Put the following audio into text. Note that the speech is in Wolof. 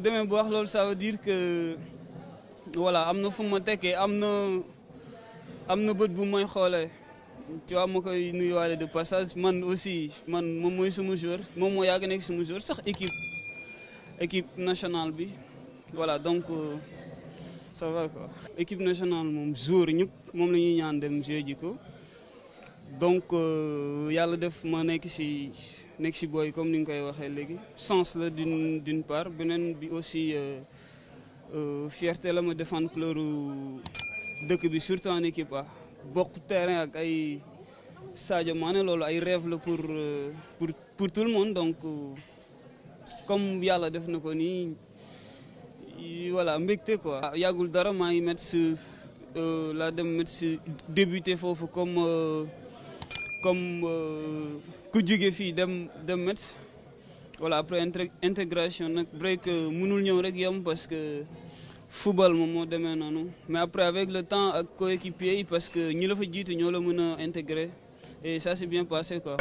bu demee bu wax loolu ça veut dire que voilà am na fu ma tekkee am na am na bët bu may xoolee tu vois ma koy nuyuwaale de passage man aussi man moom mooy sama joueur moom moo yàgg nekk sama joueur sax équipe équipe nationale bi voilà donc euh, ça va quoi. équipe nationale moom joueur ñëpp moom la ñuy ñaan dem jeu ji ko donc euh, yàlla def ma nekk si nekk si booy comme ni nga koy waxee léegi sens la d'une d'une part beneen bi aussi euh, euh, fierté la ma défendre pleuru dëkk bi surtout en équipe ah bokk terrain ak ay Sadio Mané loolu ay rêve la pour pour pour tout le monde donc comme yàlla def na ko nii voilà mbégte quoi. yàggul dara maa ngi mettre si la dem mettre si débuté foofu comme comme euh, ku jóge fii dem dem Metz voilà après intégration break vrai euh, que mënul parce que football moment moo mais après avec le temps ak coéquipier parce que ñi la fa jiitu nous avons intégré et ça s'est bien passé quoi.